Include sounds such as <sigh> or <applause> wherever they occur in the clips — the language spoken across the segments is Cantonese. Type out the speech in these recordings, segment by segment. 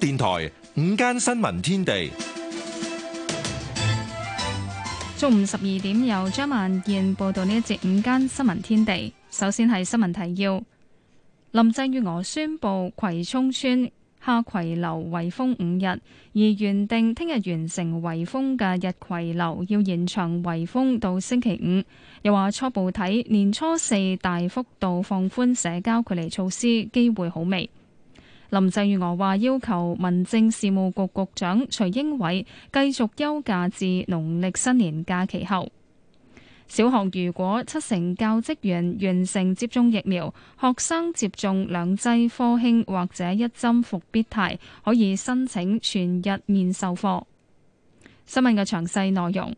電台午間新聞天地，中午十二點由張萬燕報道呢一節午間新聞天地。首先係新聞提要：林鄭月娥宣布葵涌村下葵樓圍封五日，而原定聽日完成圍封嘅日葵樓要延長圍封到星期五。又話初步睇年初四大幅度放寬社交距離措施，機會好微。林鄭月娥話：要求民政事務局局長徐英偉繼續休假至農曆新年假期後。小學如果七成教職員完成接種疫苗，學生接種兩劑科興或者一針復必泰，可以申請全日面授課。新聞嘅詳細內容。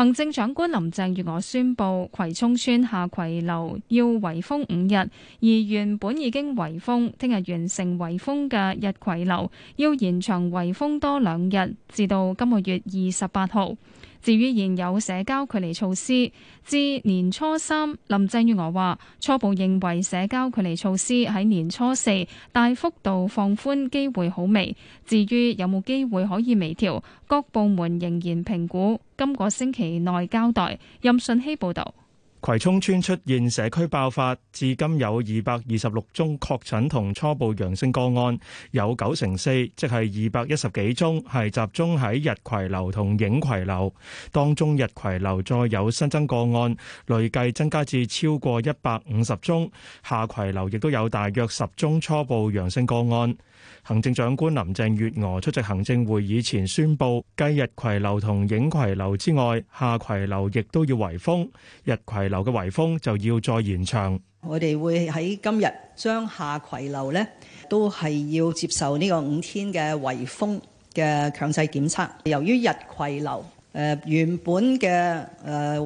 行政長官林鄭月娥宣佈，葵涌村下葵樓要圍封五日，而原本已經圍封，聽日完成圍封嘅日葵樓要延長圍封多兩日，至到今個月二十八號。至於現有社交距離措施，至年初三，林鄭月娥話初步認為社交距離措施喺年初四大幅度放寬機會好微。至於有冇機會可以微調，各部門仍然評估今個星期內交代。任信希報導。葵涌村出現社區爆發，至今有二百二十六宗確診同初步陽性個案，有九成四，即係二百一十幾宗，係集中喺日葵樓同影葵樓。當中日葵樓再有新增個案，累計增加至超過一百五十宗。下葵樓亦都有大約十宗初步陽性個案。行政長官林鄭月娥出席行政會議前宣布，繼日葵樓同影葵樓之外，下葵樓亦都要圍封。日葵樓嘅圍封就要再延長。我哋會喺今日將下葵樓呢都係要接受呢個五天嘅圍封嘅強制檢測。由於日葵樓誒、呃、原本嘅誒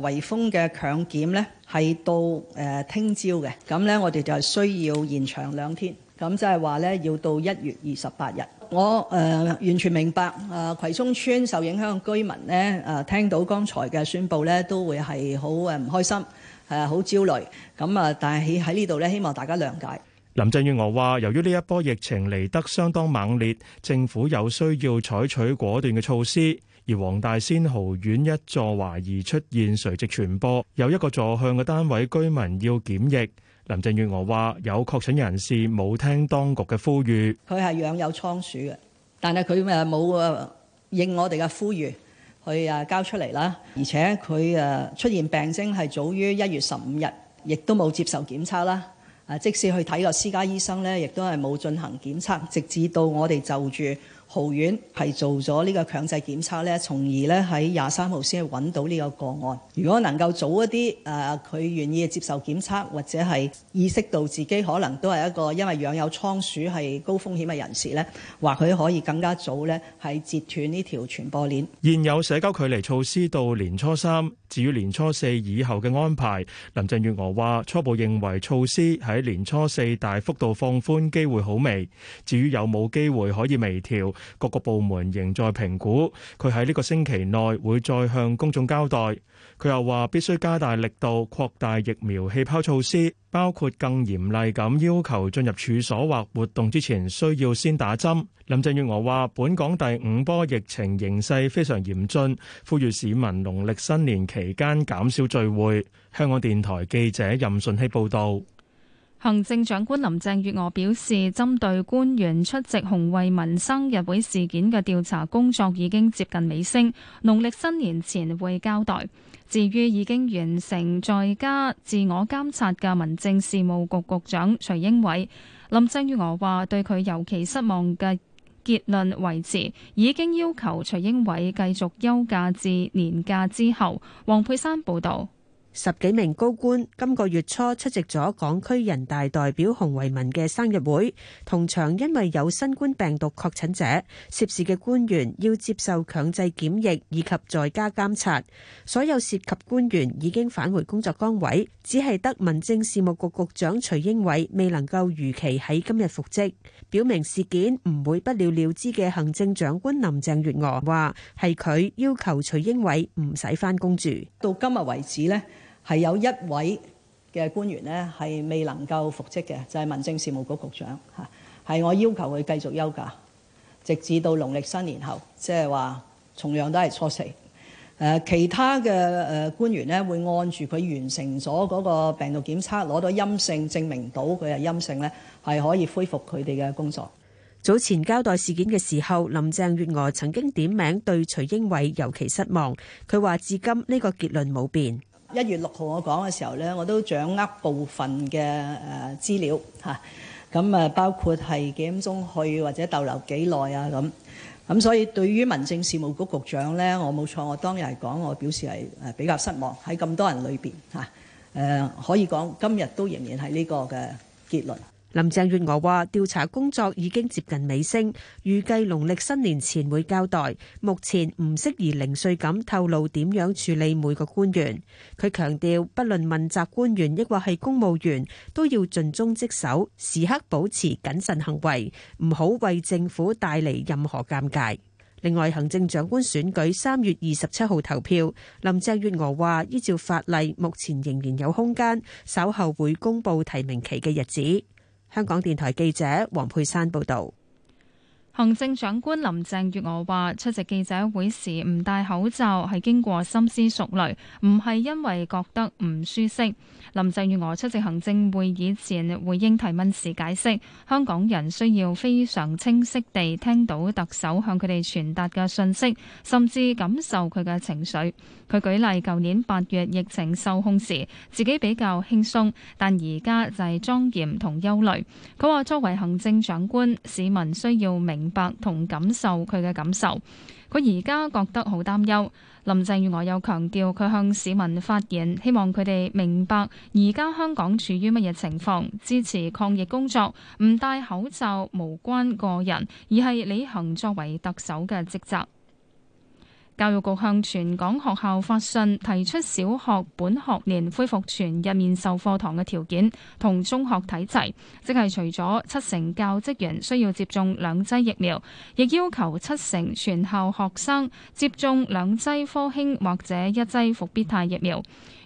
圍封嘅強檢呢係到誒聽朝嘅，咁、呃、呢我哋就係需要延長兩天。咁即係話咧，要到一月二十八日。我誒、呃、完全明白誒、呃、葵涌村受影響居民呢，誒、呃、聽到剛才嘅宣佈呢，都會係好誒唔開心，誒、啊、好焦慮。咁啊，但係喺呢度呢，希望大家諒解。林鄭月娥話：由於呢一波疫情嚟得相當猛烈，政府有需要採取果斷嘅措施。而黃大仙豪苑一座懷疑出現垂直傳播，有一個座向嘅單位居民要檢疫。林鄭月娥話：有確診人士冇聽當局嘅呼籲，佢係養有倉鼠嘅，但係佢誒冇誒應我哋嘅呼籲去誒交出嚟啦。而且佢誒、啊、出現病徵係早於一月十五日，亦都冇接受檢測啦。啊，即使去睇個私家醫生咧，亦都係冇進行檢測，直至到我哋就住。桃園係做咗呢個強制檢測咧，從而咧喺廿三號先係揾到呢個個案。如果能夠早一啲，誒佢願意接受檢測，或者係意識到自己可能都係一個因為養有倉鼠係高風險嘅人士咧，或許可以更加早咧係截斷呢條傳播鏈。現有社交距離措施到年初三，至於年初四以後嘅安排，林鄭月娥話初步認為措施喺年初四大幅度放寬機會好微，至於有冇機會可以微調？各個部門仍在評估，佢喺呢個星期內會再向公眾交代。佢又話必須加大力度擴大疫苗氣泡措施，包括更嚴厲咁要求進入處所或活動之前需要先打針。林鄭月娥話：本港第五波疫情形勢非常嚴峻，呼籲市民農曆新年期間減少聚會。香港電台記者任順希報道。行政長官林鄭月娥表示，針對官員出席洪為民生日會事件嘅調查工作已經接近尾聲，農曆新年前會交代。至於已經完成在家自我監察嘅民政事務局局長徐英偉，林鄭月娥話對佢尤其失望嘅結論維持，已經要求徐英偉繼續休假至年假之後。黃佩珊報導。十幾名高官今個月初出席咗港區人大代表洪為民嘅生日會，同場因為有新冠病毒確診者，涉事嘅官員要接受強制檢疫以及在家監察。所有涉及官員已經返回工作崗位，只係得民政事務局局長徐英偉未能夠如期喺今日復職。表明事件唔會不了了之嘅行政長官林鄭月娥話係佢要求徐英偉唔使返工住，到今日為止呢。係有一位嘅官員呢，係未能夠復職嘅，就係、是、民政事務局局長嚇。係我要求佢繼續休假，直至到農曆新年後，即係話同樣都係初四。誒、呃，其他嘅誒官員呢，會按住佢完成咗嗰個病毒檢測，攞到陰性證明，到佢係陰性呢，係可以恢復佢哋嘅工作。早前交代事件嘅時候，林鄭月娥曾經點名對徐英偉尤其失望。佢話至今呢個結論冇變。一月六號我講嘅時候呢，我都掌握部分嘅誒資料嚇，咁、啊、誒包括係幾點鐘去或者逗留幾耐啊咁，咁、啊、所以對於民政事務局局長呢，我冇錯，我當日嚟講我表示係誒比較失望喺咁多人裏邊嚇，誒、啊、可以講今日都仍然係呢個嘅結論。林鄭月娥話：調查工作已經接近尾聲，預計農曆新年前會交代。目前唔適宜零碎咁透露點樣處理每個官員。佢強調，不論問責官員抑或係公務員，都要盡忠職守，時刻保持謹慎行為，唔好為政府帶嚟任何尷尬。另外，行政長官選舉三月二十七號投票，林鄭月娥話：依照法例，目前仍然有空間，稍後會公布提名期嘅日子。香港電台記者黃佩珊報道。行政長官林鄭月娥話：出席記者會時唔戴口罩係經過深思熟慮，唔係因為覺得唔舒適。林鄭月娥出席行政會議前回應提問時解釋：香港人需要非常清晰地聽到特首向佢哋傳達嘅信息，甚至感受佢嘅情緒。佢舉例，舊年八月疫情受控時，自己比較輕鬆，但而家就係莊嚴同憂慮。佢話：作為行政長官，市民需要明明白同感受佢嘅感受，佢而家覺得好擔憂。林鄭月娥又強調，佢向市民發言，希望佢哋明白而家香港處於乜嘢情況，支持抗疫工作。唔戴口罩無關個人，而係履行作為特首嘅職責。教育局向全港學校發信，提出小學本學年恢復全日面授課堂嘅條件同中學體制，即係除咗七成教職員需要接種兩劑疫苗，亦要求七成全校學生接種兩劑科興或者一劑復必泰疫苗。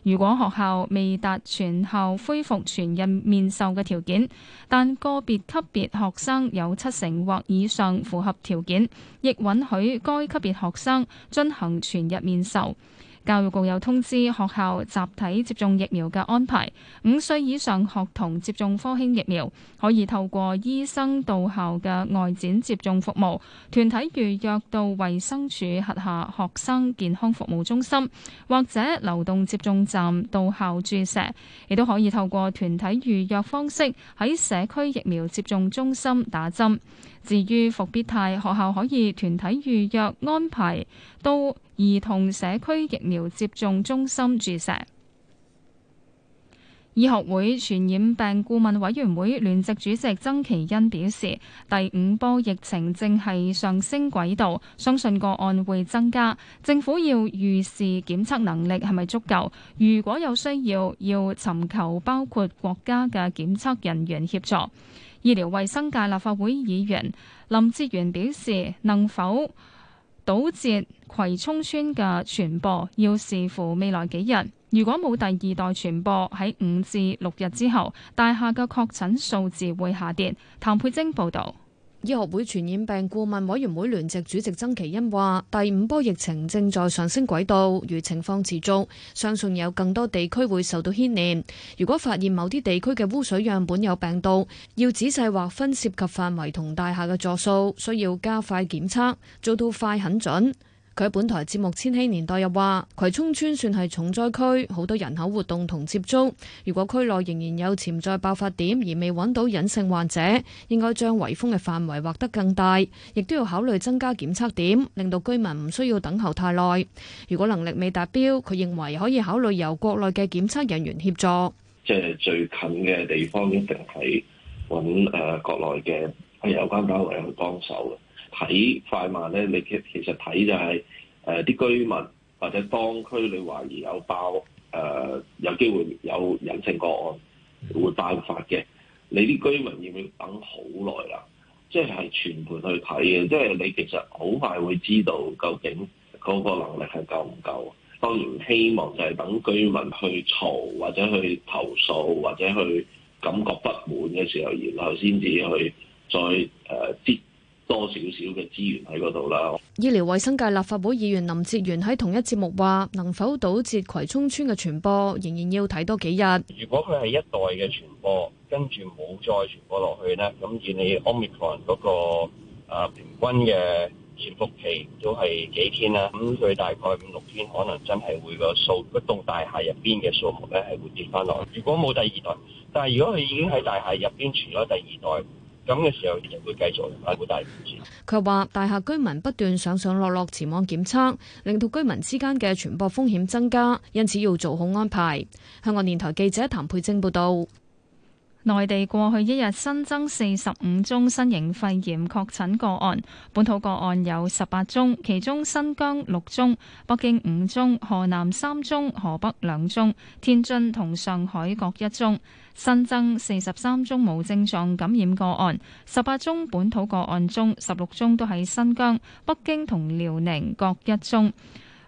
如果學校未達全校恢復全日面授嘅條件，但個別級別學生有七成或以上符合條件，亦允許該級別學生進行全日面授。教育局有通知學校集體接種疫苗嘅安排，五歲以上學童接種科興疫苗，可以透過醫生到校嘅外展接種服務，團體預約到衛生署轄下學生健康服務中心或者流動接種站到校注射，亦都可以透過團體預約方式喺社區疫苗接種中心打針。至於復必泰，學校可以團體預約安排到兒童社區疫苗接種中心注射，醫學會傳染病顧問委員會聯席主席曾祈殷表示，第五波疫情正係上升軌道，相信個案會增加，政府要預示檢測能力係咪足夠？如果有需要，要尋求包括國家嘅檢測人員協助。醫療衛生界立法會議員林哲玄表示，能否堵截葵涌村嘅傳播，要視乎未來幾日。如果冇第二代傳播，喺五至六日之後大廈嘅確診數字會下跌。譚佩晶報道。醫學會傳染病顧問委員會聯席主席曾奇欣話，第五波疫情正在上升軌道，如情況持續，相信有更多地區會受到牽連。如果發現某啲地區嘅污水樣本有病毒，要仔細劃分涉及範圍同大廈嘅座數，需要加快檢測，做到快很準。佢喺本台節目《千禧年代》又話葵涌邨算係重災區，好多人口活動同接觸，如果區內仍然有潛在爆發點而未揾到隱性患者，應該將圍封嘅範圍劃得更大，亦都要考慮增加檢測點，令到居民唔需要等候太耐。如果能力未達標，佢認為可以考慮由國內嘅檢測人員協助。即係最近嘅地方，一定係揾誒國內嘅係有關單位去幫手。睇快慢咧，你其其實睇就係誒啲居民或者當區，你懷疑有爆誒、呃、有機會有隱性個案會爆發嘅，你啲居民要唔要等好耐啦？即係係全盤去睇嘅，即係你其實好快會知道究竟嗰個能力係夠唔夠。當然希望就係等居民去嘈或者去投訴或者去感覺不滿嘅時候，然後先至去再誒接。呃多少少嘅資源喺嗰度啦。醫療衛生界立法會議員林哲源喺同一節目話，能否堵截葵涌村嘅傳播，仍然要睇多幾日。如果佢係一代嘅傳播，跟住冇再傳播落去呢？咁以你 Omicron 嗰個、啊、平均嘅潛伏期都係幾天啦，咁佢大概五六天可能真係會個數，嗰棟大廈入邊嘅數目咧係會跌翻落。如果冇第二代，但係如果佢已經喺大廈入邊傳咗第二代。咁嘅時候就會繼續帶大佢話： <laughs> 大廈居民不斷上上落落前往檢測，令到居民之間嘅傳播風險增加，因此要做好安排。香港電台記者譚佩晶報道。內地過去一日新增四十五宗新型肺炎確診個案，本土個案有十八宗，其中新疆六宗，北京五宗，河南三宗，河北兩宗，天津同上海各一宗。新增四十三宗無症狀感染個案，十八宗本土個案中，十六宗都喺新疆，北京同遼寧各一宗。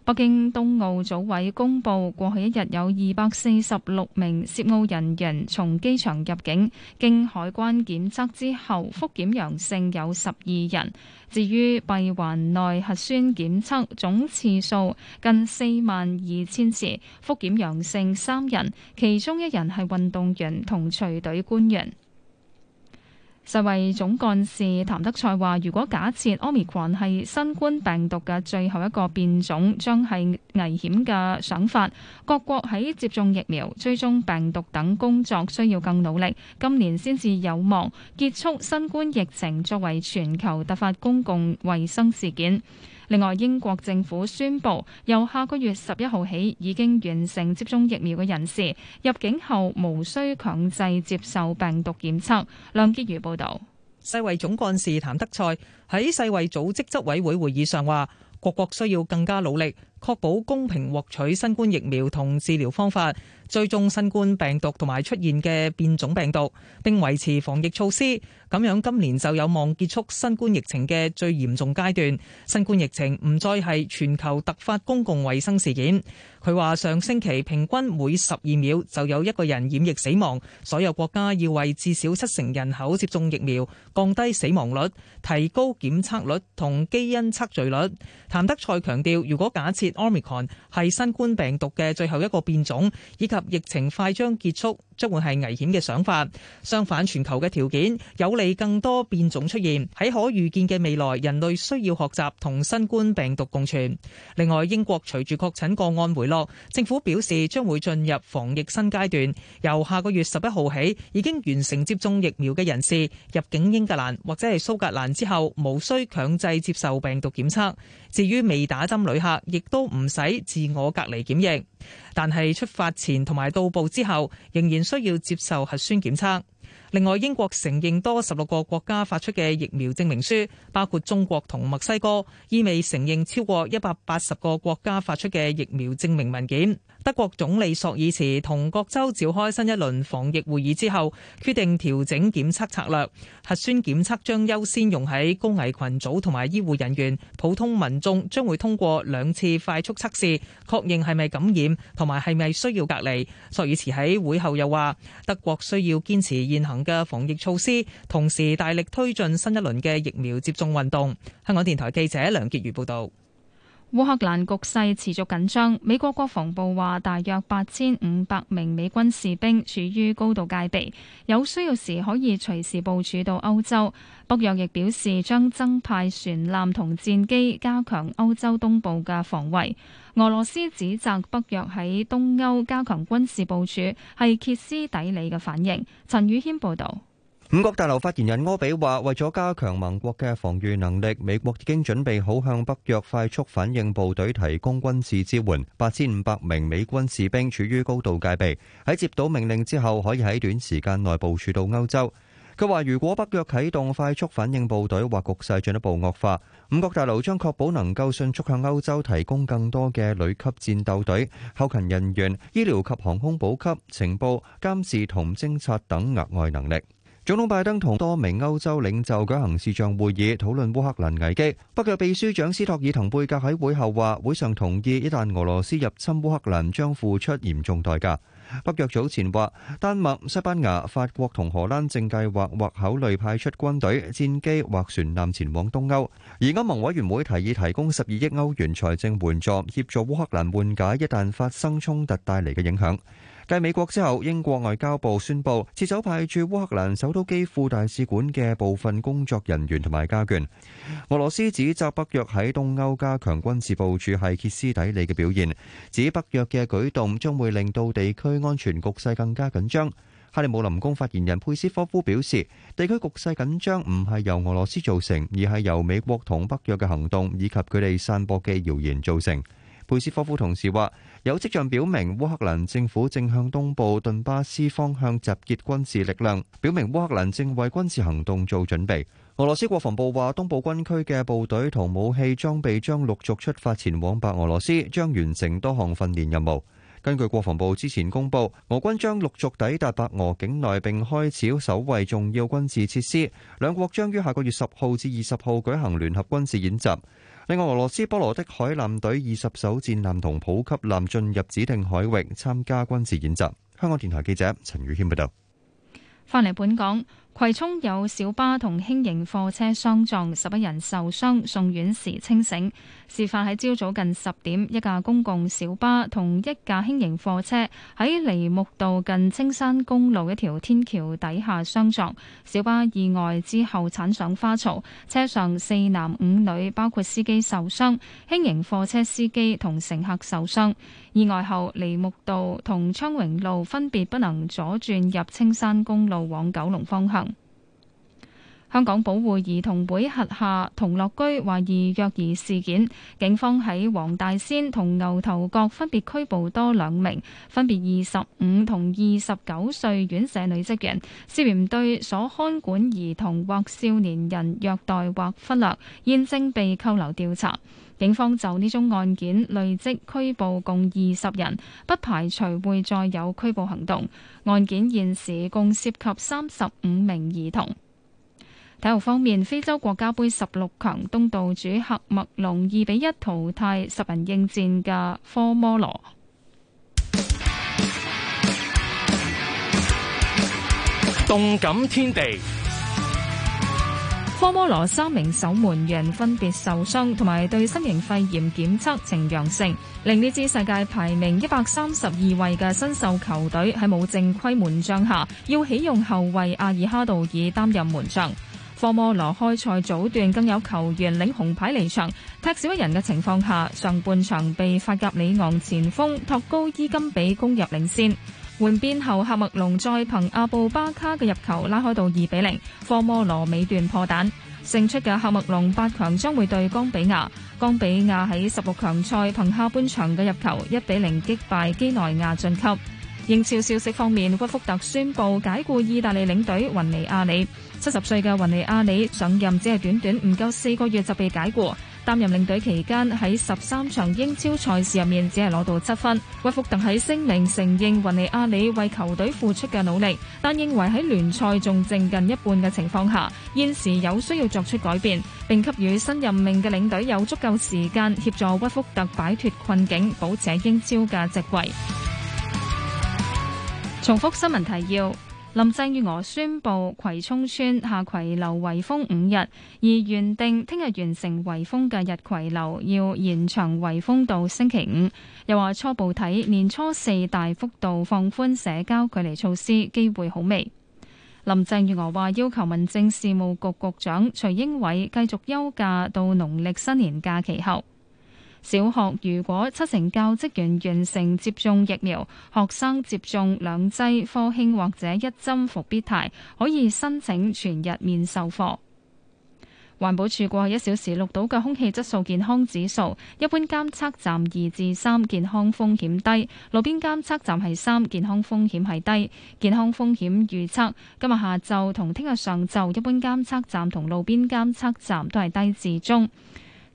北京冬奧組委公布過去一日有二百四十六名涉奧人員從機場入境，經海關檢測之後複檢陽性有十二人。至於閉環內核酸檢測總次數近四萬二千次，複檢陽性三人，其中一人係運動員同隨隊官員。世衞總幹事譚德塞話，如果假設 Omicron 係新冠病毒嘅最後一個變種，將係危險嘅想法。各國喺接種疫苗、追蹤病毒等工作需要更努力。今年先至有望結束新冠疫情作為全球突發公共衛生事件。另外，英國政府宣布，由下個月十一號起，已經完成接種疫苗嘅人士入境後無需強制接受病毒檢測。梁潔如報導。世衛總幹事譚德塞喺世衛組織執委會會議上話，各國需要更加努力。確保公平獲取新冠疫苗同治療方法，追蹤新冠病毒同埋出現嘅變種病毒，並維持防疫措施。咁樣今年就有望結束新冠疫情嘅最嚴重階段。新冠疫情唔再係全球突發公共衛生事件。佢話：上星期平均每十二秒就有一個人染疫死亡。所有國家要為至少七成人口接種疫苗，降低死亡率，提高檢測率同基因測序率。譚德塞強調：如果假設 Omicron 係新冠病毒嘅最後一個變種，以及疫情快將結束。將會係危險嘅想法。相反，全球嘅條件有利更多變種出現。喺可預見嘅未來，人類需要學習同新冠病毒共存。另外，英國隨住確診個案回落，政府表示將會進入防疫新階段。由下個月十一號起，已經完成接種疫苗嘅人士入境英格蘭或者係蘇格蘭之後，無需強制接受病毒檢測。至於未打針旅客，亦都唔使自我隔離檢疫。但係出發前同埋到埗之後，仍然需要接受核酸檢測。另外，英國承認多十六個國家發出嘅疫苗證明書，包括中國同墨西哥，意味承認超過一百八十個國家發出嘅疫苗證明文件。德國總理索爾茨同各州召開新一輪防疫會議之後，決定調整檢測策略，核酸檢測將優先用喺高危群組同埋醫護人員，普通民眾將會通過兩次快速測試，確認係咪感染同埋係咪需要隔離。索爾茨喺會後又話，德國需要堅持現行嘅防疫措施，同時大力推進新一輪嘅疫苗接種運動。香港電台記者梁潔如報道。烏克蘭局勢持續緊張，美國國防部話大約八千五百名美軍士兵處於高度戒備，有需要時可以隨時部署到歐洲。北約亦表示將增派船艦同戰機，加強歐洲東部嘅防衛。俄羅斯指責北約喺東歐加強軍事部署係歇斯底里嘅反應。陳宇軒報道。五角大樓發言人柯比話，為咗加強盟國嘅防禦能力，美國已經準備好向北約快速反應部隊提供軍事支援。八千五百名美軍士兵處於高度戒備，喺接到命令之後，可以喺短時間內部署到歐洲。佢話，如果北約啟動快速反應部隊或局勢進一步惡化，五角大樓將確保能夠迅速向歐洲提供更多嘅旅級戰鬥隊、後勤人員、醫療及航空補給、情報監視同偵察等額外能力。總統拜登同多名歐洲領袖舉行視像會議，討論烏克蘭危機。北約秘書長斯托爾滕貝格喺會後話，會上同意一旦俄羅斯入侵烏克蘭，將付出嚴重代價。北約早前話，丹麥、西班牙、法國同荷蘭正計劃或考慮派出軍隊、戰機或船艦前往東歐。而歐盟委員會提議提供十二億歐元財政援助，協助烏克蘭緩解一旦發生衝突帶嚟嘅影響。繼美國之後，英國外交部宣布，撤走派駐烏克蘭首都基輔大使館嘅部分工作人員同埋家眷。俄羅斯指責北約喺東歐加強軍事部署係歇斯底里嘅表現，指北約嘅舉動將會令到地區安全局勢更加緊張。克里姆林宮發言人佩斯科夫表示，地區局勢緊張唔係由俄羅斯造成，而係由美國同北約嘅行動以及佢哋散播嘅謠言造成。佩斯科夫同時話，有跡象表明烏克蘭政府正向東部頓巴斯方向集結軍事力量，表明烏克蘭正為軍事行動做準備。俄羅斯國防部話，東部軍區嘅部隊同武器裝備將陸續出發前往白俄羅斯，將完成多項訓練任務。根據國防部之前公佈，俄軍將陸續抵達白俄境內並開始守衛重要軍事設施。兩國將於下個月十號至二十號舉行聯合軍事演習。另外，俄羅斯波羅的海艦隊二十艘戰艦同補給艦進入指定海域參加軍事演習。香港電台記者陳宇謙報道。翻嚟本港。葵涌有小巴同輕型貨車相撞，十一人受傷，送院時清醒。事發喺朝早近十點，一架公共小巴同一架輕型貨車喺梨木道近青山公路一條天橋底下相撞，小巴意外之後鏟上花槽，車上四男五女，包括司機受傷，輕型貨車司機同乘客受傷。意外後，梨木道同昌榮路分別不能左轉入青山公路往九龍方向。香港保護兒童會轄下同樂居懷疑虐兒事件，警方喺黃大仙同牛頭角分別拘捕多兩名，分別二十五同二十九歲院舍女職員，涉嫌對所看管兒童或少年人虐待或忽略，現正被扣留調查。警方就呢宗案件累積拘捕共二十人，不排除會再有拘捕行動。案件現時共涉及三十五名兒童。體育方面，非洲國家杯十六強東道主喀麥隆二比一淘汰十人應戰嘅科摩羅。動感天地。科摩羅三名守門員分別受傷，同埋對新型肺炎檢測呈陽性，令呢支世界排名一百三十二位嘅新秀球隊喺冇正規門將下，要啟用後衛阿爾哈杜爾擔任門將。科摩羅開賽早段更有球員領紅牌離場，踢少一人嘅情況下，上半場被法甲里昂前鋒托高伊金比攻入領先。換邊後，喀麥隆再憑阿布巴卡嘅入球拉開到二比零，科摩羅尾段破蛋。勝出嘅喀麥隆八強將會對岡比亞。岡比亞喺十六強賽憑下半場嘅入球一比零擊敗基內亞晉級。英超消息方面，屈福特宣布解僱意大利領隊雲尼亞里，七十歲嘅雲尼亞里上任只係短短唔夠四個月就被解僱。擔任領隊期間喺十三場英超賽事入面只係攞到七分。屈福特喺聲明承認雲尼阿里為球隊付出嘅努力，但認為喺聯賽仲剩近一半嘅情況下現時有需要作出改變，並給予新任命嘅領隊有足夠時間，協助屈福特擺脫困境，保持英超嘅席位。重複新聞提要林鄭月娥宣布葵涌村下葵樓圍封五日，而原定聽日完成圍封嘅日葵樓要延長圍封到星期五。又話初步睇年初四大幅度放寬社交距離措施機會好微。林鄭月娥話要求民政事務局局長徐英偉繼續休假到農曆新年假期後。小學如果七成教職員完成接種疫苗，學生接種兩劑科興或者一針復必泰，可以申請全日面授課。環保署過去一小時錄到嘅空氣質素健康指數，一般監測站二至三，健康風險低；路邊監測站係三，健康風險係低。健康風險預測今日下晝同聽日上晝，一般監測站同路邊監測站都係低至中。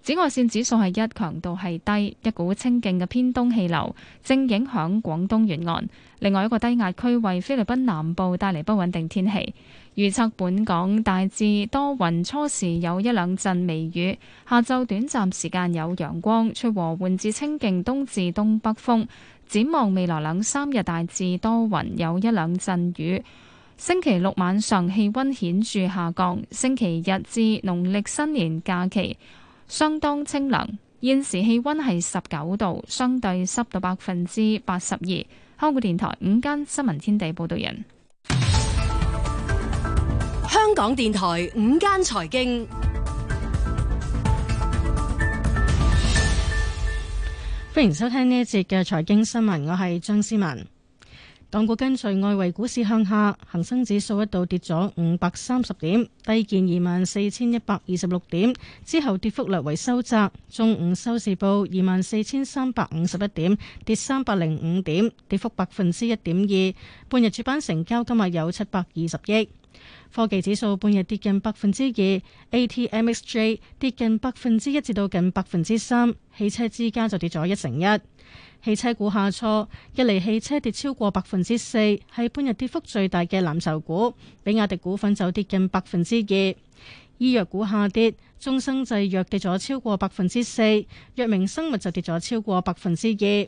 紫外線指數係一，強度係低。一股清勁嘅偏東氣流正影響廣東沿岸，另外一個低壓區為菲律賓南部帶嚟不穩定天氣。預測本港大致多雲，初時有一兩陣微雨，下晝短暫時間有陽光，出和緩至清勁東至東北風。展望未來兩三日大致多雲，有一兩陣雨。星期六晚上氣溫顯著下降，星期日至農曆新年假期。相當清涼，現時氣溫係十九度，相對濕度百分之八十二。香港電台午間新聞天地報道人，香港電台午間財經，歡迎收聽呢一節嘅財經新聞，我係張思文。港股跟隨外圍股市向下，恒生指數一度跌咗五百三十點，低見二萬四千一百二十六點，之後跌幅略為收窄。中午收市報二萬四千三百五十一點，跌三百零五點，跌幅百分之一點二。半日主板成交金額有七百二十億。科技指數半日跌近百分之二，ATMXJ 跌近百分之一至到近百分之三，汽車之家就跌咗一成一。。汽車股下挫，一嚟汽車跌超過百分之四，係半日跌幅最大嘅藍籌股。比亞迪股份就跌近百分之二。醫藥股下跌，中生製藥跌咗超過百分之四，藥明生物就跌咗超過百分之二。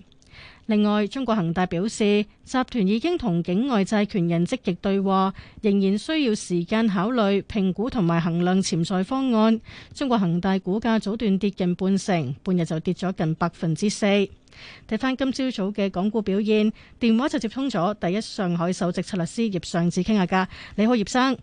另外，中國恒大表示，集團已經同境外債權人積極對話，仍然需要時間考慮評估同埋衡量潛在方案。中國恒大股價早段跌近半成，半日就跌咗近百分之四。睇翻今朝早嘅港股表現，電話就接通咗第一上海首席策略師葉尚志傾下偈。你好，葉生。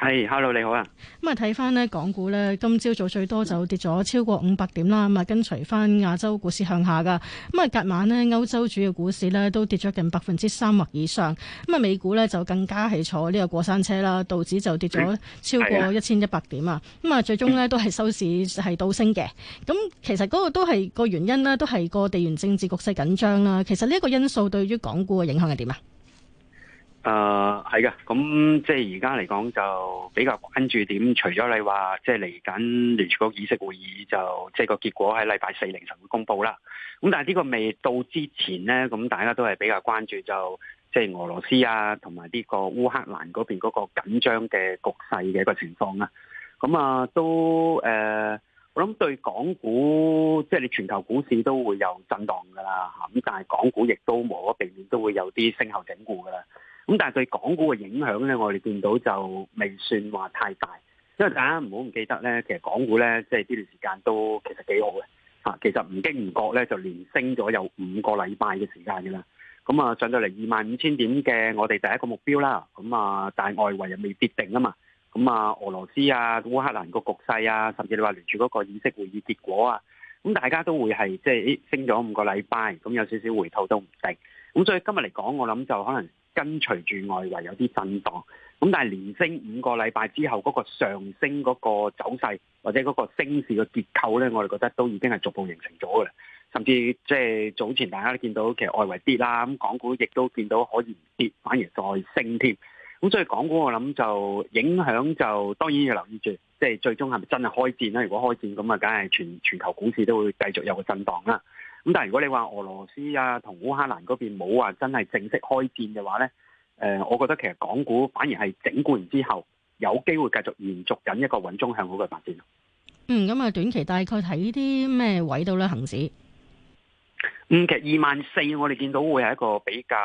係、hey，hello，你好啊！咁啊，睇翻咧，港股咧，今朝早最多就跌咗超過五百點啦，咁啊，跟隨翻亞洲股市向下噶。咁啊，隔晚咧，歐洲主要股市咧都跌咗近百分之三或以上。咁啊，美股咧就更加係坐呢個過山車啦，道指就跌咗超過一千一百點啊！咁啊，嗯，最終咧都係收市係倒升嘅。咁，嗯，其實嗰個都係個原因咧，都係個地緣政治局勢緊張啦。其實呢一個因素對於港股嘅影響係點啊？誒，係噶、呃，咁、嗯、即係而家嚟講就比較關注點，除咗你話即係嚟緊聯儲局議息會議就，就即係個結果喺禮拜四凌晨會公布啦。咁但係呢個未到之前呢，咁、嗯、大家都係比較關注就即係俄羅斯啊，同埋呢個烏克蘭嗰邊嗰個緊張嘅局勢嘅一個情況啦、啊。咁、嗯、啊，都誒、呃，我諗對港股，即係你全球股市都會有震盪噶啦吓。咁但係港股亦都無可避免都會有啲升後整固噶啦。咁但係對港股嘅影響咧，我哋見到就未算話太大，因為大家唔好唔記得咧，其實港股咧即係呢段時間都其實幾好嘅，吓、啊、其實唔經唔覺咧就連升咗有五個禮拜嘅時間噶啦。咁啊上到嚟二萬五千點嘅我哋第一個目標啦。咁啊，但係外圍又未必定啊嘛。咁啊，俄羅斯啊、烏克蘭個局勢啊，甚至你話聯儲嗰個議息會議結果啊，咁、啊、大家都會係即係升咗五個禮拜，咁有少少回吐都唔定。咁所以今日嚟講，我諗就可能。跟隨住外圍有啲震盪，咁但係連升五個禮拜之後，嗰、嗰個上升嗰個走勢或者嗰個升市嘅結構咧，我哋覺得都已經係逐步形成咗嘅啦。甚至即係早前大家都見到，其實外圍跌啦，咁港股亦都見到可以唔跌，反而再升添。咁所以港股我諗就影響就當然要留意住，即、就、係、係、最終係咪真係開戰啦？如果開戰咁啊，梗係全全球股市都會繼續有個震盪啦。咁但係如果你話俄羅斯啊同烏克蘭嗰邊冇話真係正式開戰嘅話呢，誒、呃，我覺得其實港股反而係整固完之後，有機會繼續延續緊一個穩中向好嘅發展。嗯，咁啊，短期大概睇啲咩位度咧行市？咁其實二萬四我哋見到會係一個比較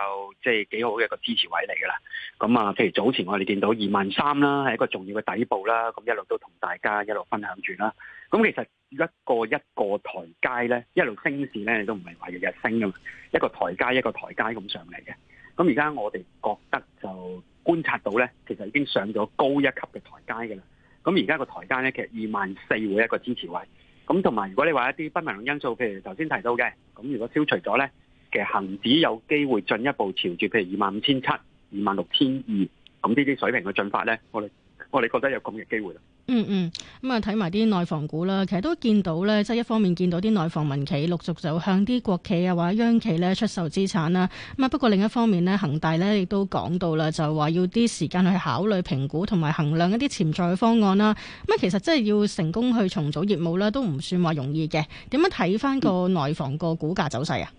即係幾好嘅一個支持位嚟噶啦。咁、嗯、啊，譬如早前我哋見到二萬三啦，係一個重要嘅底部啦。咁、嗯、一路都同大家一路分享住啦。咁、嗯、其實一個一個台階咧，一路升市咧都唔係話日日升噶嘛。一個台階一個台階咁上嚟嘅。咁而家我哋覺得就觀察到咧，其實已經上咗高一級嘅台階噶啦。咁而家個台階咧，其實二萬四會一個支持位。咁同埋如果你話一啲不明朗因素，譬如頭先提到嘅。咁如果消除咗呢，其實恆指有機會進一步朝住譬如二萬五千七、二萬六千二咁呢啲水平嘅進發呢，我哋我哋覺得有咁嘅機會啦。嗯嗯，咁啊睇埋啲內房股啦，其實都見到呢，即係一方面見到啲內房民企陸續就向啲國企啊或者央企呢出售資產啦。咁啊不過另一方面呢，恒大呢亦都講到啦，就係話要啲時間去考慮評估同埋衡量一啲潛在方案啦。咁其實真係要成功去重組業務呢，都唔算話容易嘅。點樣睇翻個內房個股價走勢啊？嗯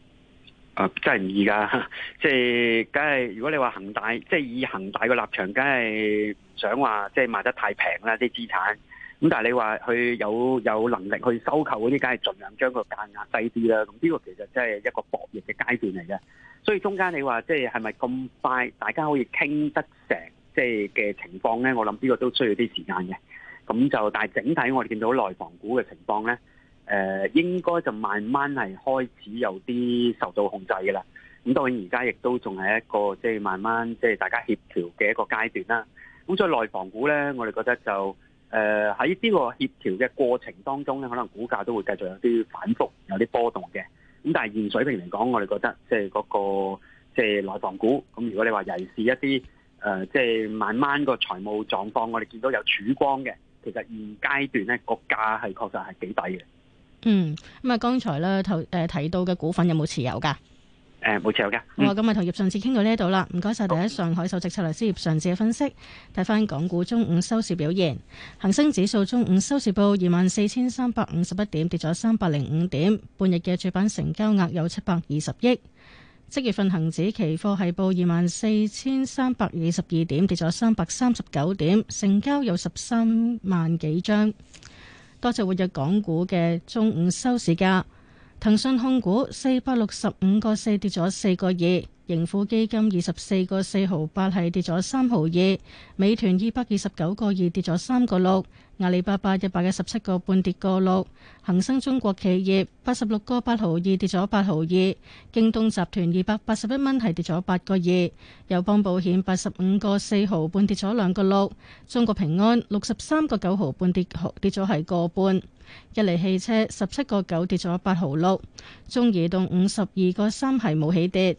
啊，真係唔易噶，即係，梗係如果你話恒大，即係以恒大嘅立場，梗係想話即係賣得太平啦啲資產。咁但係你話佢有有能力去收購，啲，梗係盡量將個價壓低啲啦。咁呢個其實真係一個博弈嘅階段嚟嘅。所以中間你話即係係咪咁快，大家可以傾得成，即係嘅情況咧，我諗呢個都需要啲時間嘅。咁就，但係整體我哋見到內房股嘅情況咧。誒，應該就慢慢係開始有啲受到控制噶啦。咁當然而家亦都仲係一個即係慢慢即係大家協調嘅一個階段啦。咁所以內房股咧，我哋覺得就誒喺呢個協調嘅過程當中咧，可能股價都會繼續有啲反覆，有啲波動嘅。咁但係現水平嚟講，我哋覺得即係嗰個即係內房股。咁如果你話尤其是一啲誒即係慢慢個財務狀況，我哋見到有曙光嘅，其實現階段咧個價係確實係幾抵嘅。嗯，咁、嗯、啊，剛、嗯、才咧投誒提到嘅股份有冇持有噶？誒、呃，冇持有嘅。好、嗯、啊，咁啊、哦，同葉尚志傾到呢一度啦，唔該晒，第一上海首席策略師葉尚志嘅分析。睇翻港股中午收市表現，恒生指數中午收市報二萬四千三百五十一點，跌咗三百零五點，半日嘅主板成交額有七百二十億。即月份恒指期貨係報二萬四千三百二十二點，跌咗三百三十九點，成交有十三萬幾張。多隻活躍港股嘅中午收市價，騰訊控股四百六十五個四跌咗四個二，盈富基金二十四個四毫八係跌咗三毫二，美團二百二十九個二跌咗三個六。阿里巴巴一百一十七個半跌個六，恒生中國企業八十六個八毫二跌咗八毫二，京東集團二百八十一蚊係跌咗八個二，友邦保險八十五個四毫半跌咗兩個六，中國平安六十三個九毫半跌跌咗係個半，一嚟汽車十七個九跌咗八毫六，中移動五十二個三係冇起跌。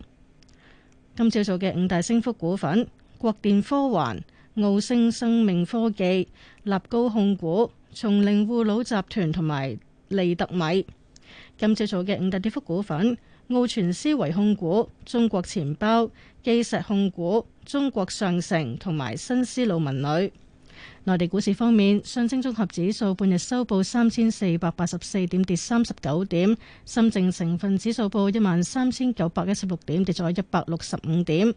今朝早嘅五大升幅股份：國電科環、澳星生命科技、立高控股、松齡護老集團同埋利特米。今朝早嘅五大跌幅股份：澳全思維控股、中國錢包、基石控股、中國上城同埋新思路文旅。內地股市方面，上證綜合指數半日收報三千四百八十四點，跌三十九點；深證成分指數報一萬三千九百一十六點，跌咗一百六十五點；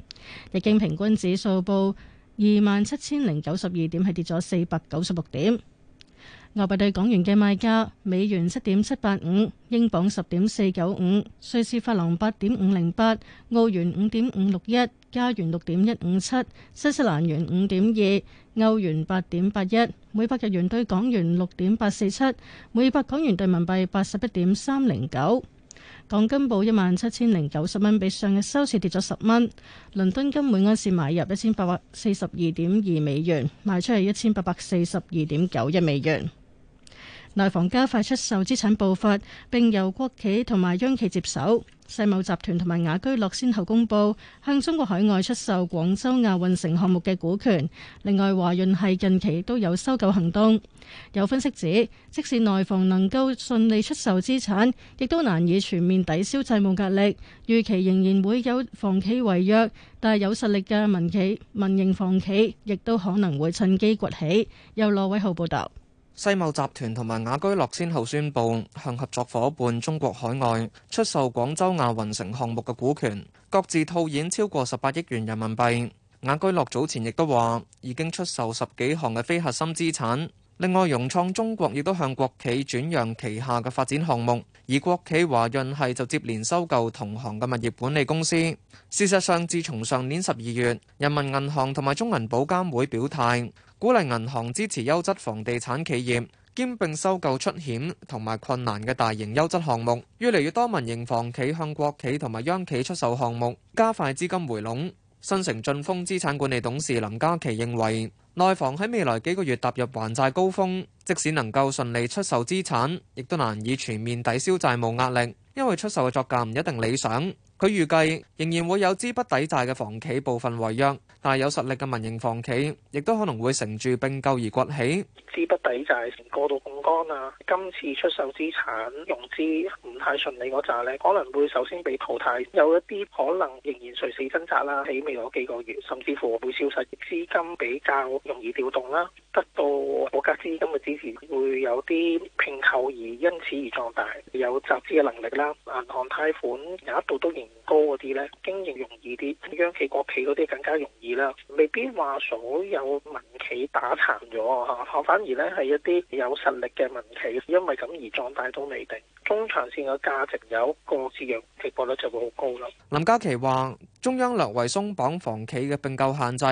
日經平均指數報二萬七千零九十二點，係跌咗四百九十六點。外幣對港元嘅賣價：美元七點七八五，英鎊十點四九五，瑞士法郎八點五零八，澳元五點五六一，加元六點一五七，新西蘭元五點二，歐元八點八一，每百日元對港元六點八四七，每百港元對人民幣八十一點三零九。港金報一萬七千零九十蚊，比上日收市跌咗十蚊。倫敦金每安士買入一千八百四十二點二美元，賣出係一千八百四十二點九一美元。內房加快出售資產步伐，並由國企同埋央企接手。世茂集團同埋雅居樂先後公布向中國海外出售廣州亞運城項目嘅股權。另外，華潤係近期都有收購行動。有分析指，即使內房能夠順利出售資產，亦都難以全面抵消債務壓力。預期仍然會有房企違約，但係有實力嘅民企、民營房企亦都可能會趁機崛起。由羅偉浩報道。世茂集團同埋雅居樂先後宣布向合作伙伴中國海外出售廣州亞運城項目嘅股權，各自套現超過十八億元人民幣。雅居樂早前亦都話已經出售十幾項嘅非核心資產。另外，融創中國亦都向國企轉讓旗下嘅發展項目，而國企華潤系就接連收購同行嘅物業管理公司。事實上，自從上年十二月，人民銀行同埋中銀保監會表態，鼓勵銀行支持優質房地產企業兼併收購出險同埋困難嘅大型優質項目，越嚟越多民營房企向國企同埋央企出售項目，加快資金回籠。新城駿豐資產管理董事林嘉琪認為。內房喺未來幾個月踏入還債高峰，即使能夠順利出售資產，亦都難以全面抵消債務壓力，因為出售嘅作價唔一定理想。佢預計仍然會有資不抵債嘅房企部分違約，但係有實力嘅民營房企亦都可能會乘住併購而崛起。資不抵債成過度槓桿啊！今次出售資產融資唔太順利嗰紮呢？可能會首先被淘汰。有一啲可能仍然垂死掙扎啦，喺未來幾個月，甚至乎會消失。資金比較容易調動啦，得到國家資金嘅支持，會有啲併購而因此而壯大，有集資嘅能力啦。銀行貸款有一度都仍高嗰啲咧，經營容易啲，央企國企嗰啲更加容易啦。未必話所有民企打殘咗，反而咧，係一啲有實力嘅民企，因為咁而壯大都未定。中長線嘅價值有一個字嘅市況率就會好高啦。林嘉琪話：中央略為鬆綁房企嘅並購限制。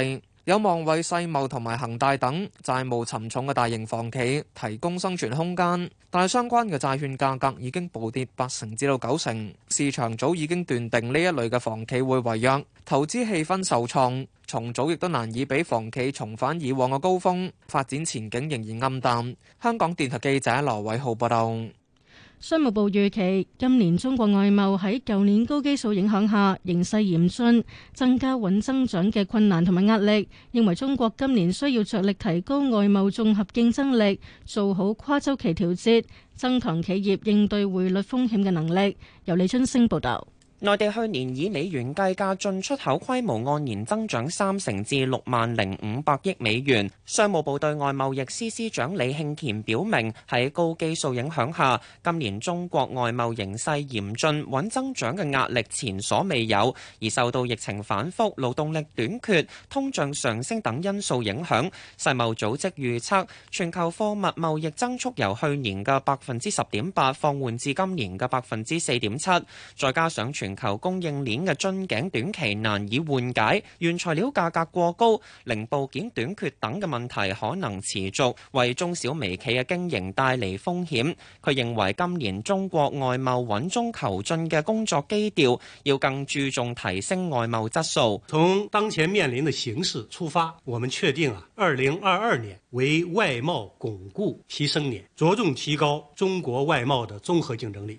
有望為世茂同埋恒大等債務沉重嘅大型房企提供生存空間，但相關嘅債券價格已經暴跌八成至到九成，市場早已經斷定呢一類嘅房企會違約，投資氣氛受創，重組亦都難以俾房企重返以往嘅高峰，發展前景仍然暗淡。香港電台記者羅偉浩報道。商務部預期今年中國外貿喺舊年高基數影響下形勢嚴峻，增加穩增長嘅困難同埋壓力。認為中國今年需要着力提高外貿綜合競爭力，做好跨周期調節，增強企業應對匯率風險嘅能力。由李春生報道。內地去年以美元計價進出口規模按年增長三成，至六萬零五百億美元。商務部對外貿易司司長李慶乾表明，喺高基數影響下，今年中國外貿形勢嚴峻，穩增長嘅壓力前所未有。而受到疫情反覆、勞動力短缺、通脹上升等因素影響，世貿組織預測全球貨物貿易增速由去年嘅百分之十點八放緩至今年嘅百分之四點七。再加上全全球供應鏈嘅樽頸，短期難以緩解、原材料價格過高、零部件短缺等嘅問題，可能持續為中小微企嘅經營帶嚟風險。佢認為今年中國外貿穩中求進嘅工作基調，要更注重提升外貿質素。從當前面臨嘅形勢出發，我們確定啊，二零二二年為外貿鞏固提升年，着重提高中國外貿的綜合競爭力。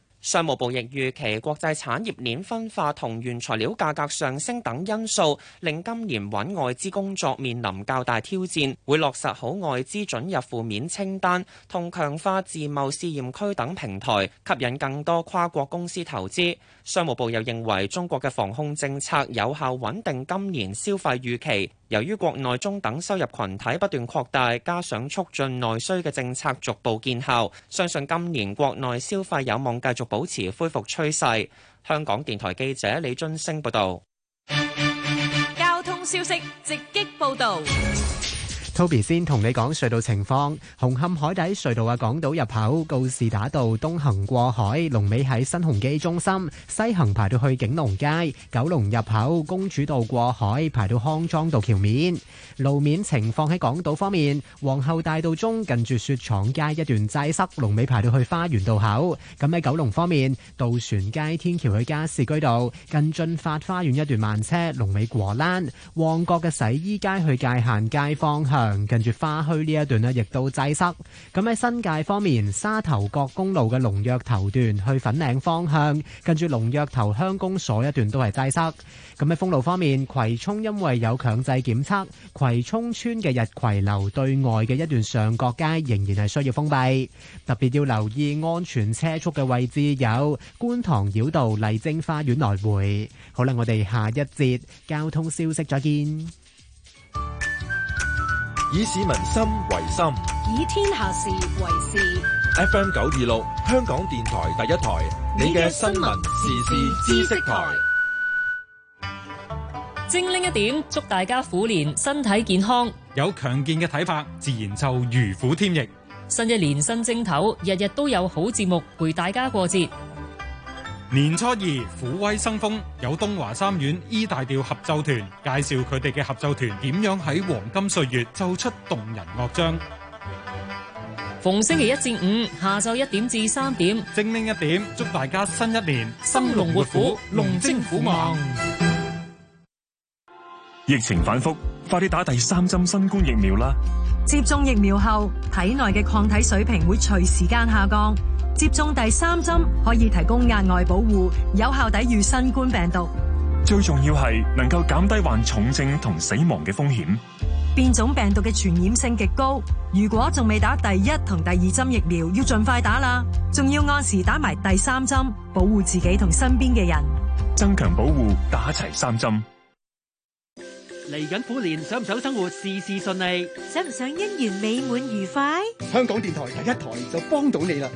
商務部亦預期國際產業鏈分化同原材料價格上升等因素，令今年穩外資工作面臨較大挑戰，會落實好外資准入負面清單同強化自貿試驗區等平台，吸引更多跨國公司投資。商務部又認為中國嘅防控政策有效穩定今年消費預期。由於國內中等收入群體不斷擴大，加上促進內需嘅政策逐步見效，相信今年國內消費有望繼續保持恢復趨勢。香港電台記者李津升報導。交通消息直擊報導。Toby 先同你講隧道情況，紅磡海底隧道啊，港島入口告士打道東行過海，龍尾喺新鴻基中心；西行排到去景隆街，九龍入口公主道過海，排到康莊道橋面。路面情況喺港島方面，皇后大道中近住雪廠街一段擠塞，龍尾排到去花園道口。咁喺九龍方面，渡船街天橋去加士居道近駿發花園一段慢車，龍尾過欄。旺角嘅洗衣街去界限街方向，近住花墟呢一段呢，亦都擠塞。咁喺新界方面，沙頭角公路嘅龍躍頭段去粉嶺方向，近住龍躍頭鄉公所一段都係擠塞。咁喺封路方面，葵涌因為有強制檢測，葵涌村嘅日葵樓對外嘅一段上角街仍然係需要封閉。特別要留意安全車速嘅位置有觀塘繞道麗晶花園來回。好啦，我哋下一節交通消息再見。以市民心為心，以天下事為事。FM 九二六，香港電台第一台，你嘅新聞、新聞時事、知識台。精靈一點，祝大家虎年身體健康，有強健嘅體魄，自然就如虎添翼。新一年新正頭，日日都有好節目陪大家過節。年初二虎威生風，有東華三院 E 大調合奏團介紹佢哋嘅合奏團點樣喺黃金歲月奏出動人樂章。逢星期一至五下晝一點至三點，精靈一點，祝大家新一年生龍活虎、龍精虎猛。疫情反覆，快啲打第三針新冠疫苗啦！接種疫苗後，體內嘅抗體水平會隨時間下降。接種第三針可以提供額外保護，有效抵御新冠病毒，最重要係能夠減低患重症同死亡嘅風險。變種病毒嘅傳染性極高，如果仲未打第一同第二針疫苗要盡快打啦，仲要按時打埋第三針，保護自己同身邊嘅人，增強保護，打齊三針。嚟緊虎年想唔想生活事事順利？想唔想姻緣美滿愉快？香港電台第一台就幫到你啦！